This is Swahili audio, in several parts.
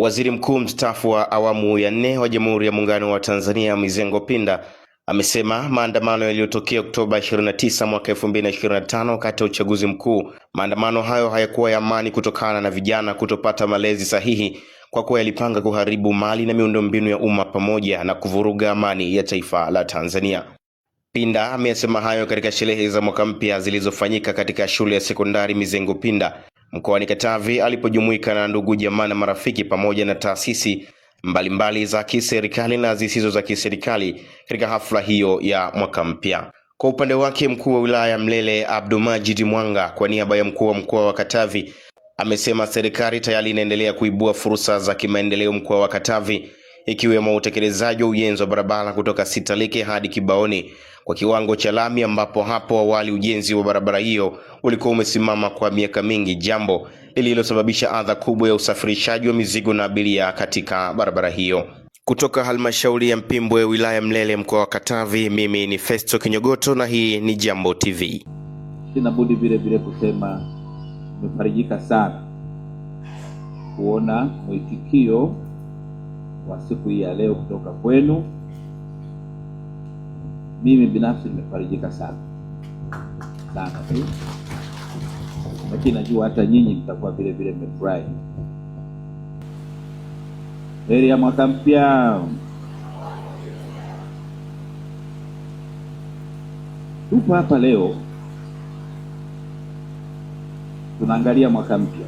Waziri Mkuu mstaafu wa awamu ya nne wa Jamhuri ya Muungano wa Tanzania Mizengo Pinda amesema maandamano yaliyotokea Oktoba 29 mwaka 2025 wakati ya uchaguzi mkuu, maandamano hayo hayakuwa ya amani kutokana na vijana kutopata malezi sahihi, kwa kuwa yalipanga kuharibu mali na miundombinu ya umma pamoja na kuvuruga amani ya taifa la Tanzania. Pinda ameyasema hayo katika sherehe za mwaka mpya zilizofanyika katika shule ya sekondari Mizengo Pinda mkoani Katavi alipojumuika na ndugu jamaa na marafiki pamoja na taasisi mbalimbali mbali za kiserikali na zisizo za kiserikali katika hafla hiyo ya mwaka mpya. Kwa upande wake, mkuu wa wilaya ya Mlele Abdulmajid Mwanga kwa niaba ya mkuu wa mkoa wa Katavi amesema serikali tayari inaendelea kuibua fursa za kimaendeleo mkoa wa Katavi ikiwemo utekelezaji wa ujenzi wa barabara kutoka Sitalike hadi Kibaoni kwa kiwango cha lami, ambapo hapo awali ujenzi wa barabara hiyo ulikuwa umesimama kwa miaka mingi, jambo lililosababisha adha kubwa ya usafirishaji wa mizigo na abiria katika barabara hiyo. Kutoka halmashauri ya Mpimbwe, wilaya Mlele, mkoa wa Katavi, mimi ni Festo Kinyogoto na hii ni Jambo TV. Sina budi vile vile kusema nimefarijika sana kuona mwitikio kwa siku hii ya leo kutoka kwenu. Mimi binafsi nimefarijika sana sana tu, lakini najua hata nyinyi mtakuwa vile vile mmefurahi. Heri ya mwaka mpya. Tupo hapa leo tunaangalia mwaka mpya,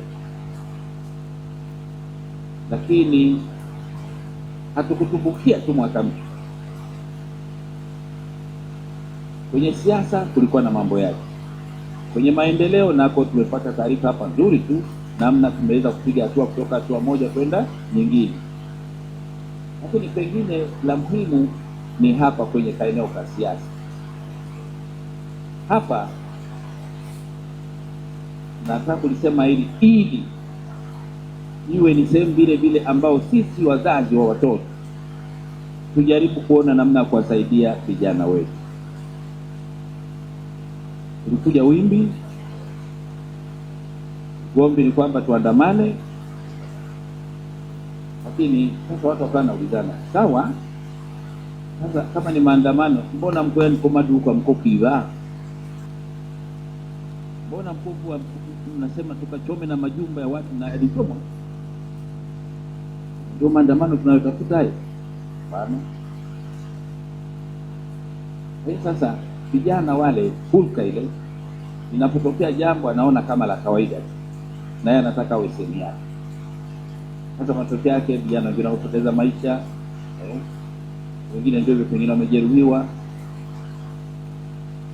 lakini hatukutumbukia tu mwaka mpya. Kwenye siasa kulikuwa na mambo yake, kwenye maendeleo nako tumepata taarifa hapa nzuri tu, namna tumeweza kupiga hatua kutoka hatua moja kwenda nyingine, lakini pengine la muhimu ni hapa kwenye kaeneo ka siasa hapa nataka kulisema hili ili iwe ni sehemu vile vile ambao sisi wazazi wa watoto tujaribu kuona namna ya kuwasaidia vijana wetu. Ulikuja wimbi gombi ni kwamba tuandamane, lakini sasa watu wakawa naulizana, sawa, sasa kama ni maandamano, mbona mkoani komaduka mkokiva mbona mkovu mnasema tukachome na majumba ya watu na yalichomwa ndio maandamano tunayotafuta hayo. Sasa vijana wale, hulka ile inapotokea jambo anaona kama la kawaida, naye anataka awe sehemu yake. Sasa matokeo yake vijana wengine hupoteza maisha, eh, wengine ndio hivyo, pengine wamejeruhiwa.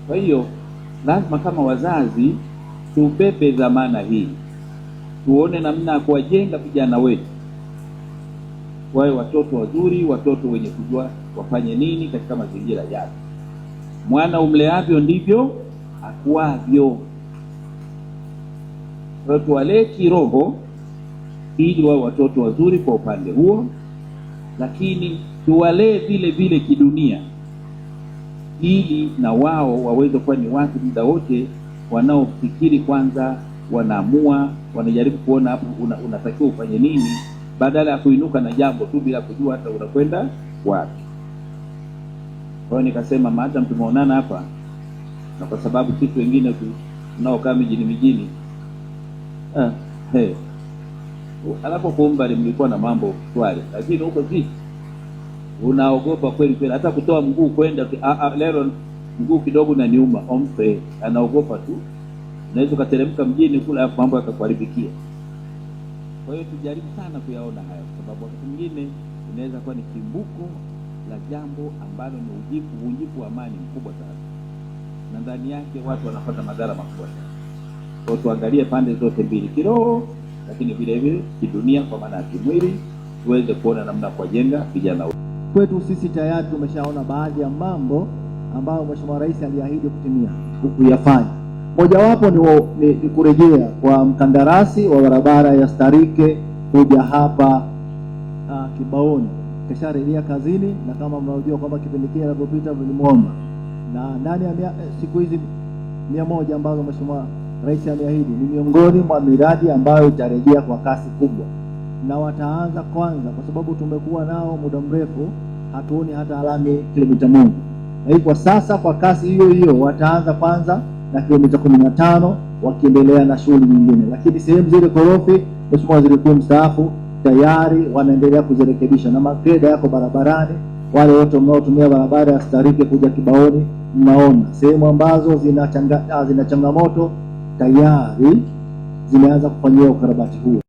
Kwa hiyo lazima kama wazazi tupepe dhamana hii, tuone namna ya kuwajenga vijana wetu wawe watoto wazuri, watoto wenye kujua wafanye nini katika mazingira yao. Mwana umleavyo ndivyo akuavyo. Watu tuwalee kiroho ili wawe watoto wazuri kwa upande huo, lakini tuwalee vile vile kidunia ili na wao waweze kuwa ni watu muda wote wanaofikiri kwanza, wanaamua, wanajaribu kuona hapo unatakiwa ufanye nini badala ya kuinuka na jambo tu bila kujua hata unakwenda wapi. Kwa hiyo nikasema maadamu tumeonana hapa, na kwa sababu kitu wengine tunaokaa mijini mijini ah, eh, hey. Anapokuumba mlikuwa na mambo swali, lakini huko vipi, unaogopa kweli kweli, hata kutoa mguu kwenda leo mguu kidogo na niuma, ompe anaogopa tu, unaweza ukateremka mjini kule, afu mambo yakakuharibikia. Kwa hiyo tujaribu sana kuyaona haya, kwa sababu wakati mwingine inaweza kuwa ni kimbuko la jambo ambalo ni ujifu ujifu wa amani mkubwa sana, na ndani yake watu wanapata madhara makubwa sana. Kwa hiyo tuangalie pande zote mbili, kiroho lakini vile vile kidunia, kwa maana ya kimwili, tuweze kuona namna kuwajenga vijana wetu. Kwetu sisi tayari tumeshaona baadhi ya mambo ambayo Mheshimiwa Rais aliahidi kutimia, kuyafanya Mojawapo ni, ni, ni kurejea kwa mkandarasi wa barabara ya Starike kuja hapa uh, Kibaoni kesharejea kazini, na kama mnaojua kwamba kipindi kile alivyopita vilimwomba na ndani ya mia, eh, siku hizi mia moja ambazo Mheshimiwa Rais ameahidi ni miongoni mwa miradi ambayo itarejea kwa kasi kubwa, na wataanza kwanza, kwa sababu tumekuwa nao muda mrefu hatuoni hata alami kilomita moja, na hii kwa sasa kwa kasi hiyo hiyo wataanza kwanza na kilomita kumi na tano wakiendelea na shughuli nyingine, lakini sehemu zile korofi, Mheshimiwa Waziri Mkuu mstaafu, tayari wanaendelea kuzirekebisha na makreda yako barabarani. Wale wote mnaotumia barabara ya Sitalike kuja Kibaoni, mnaona sehemu ambazo zina, changa, zina changamoto tayari zimeanza kufanyiwa ukarabati huo.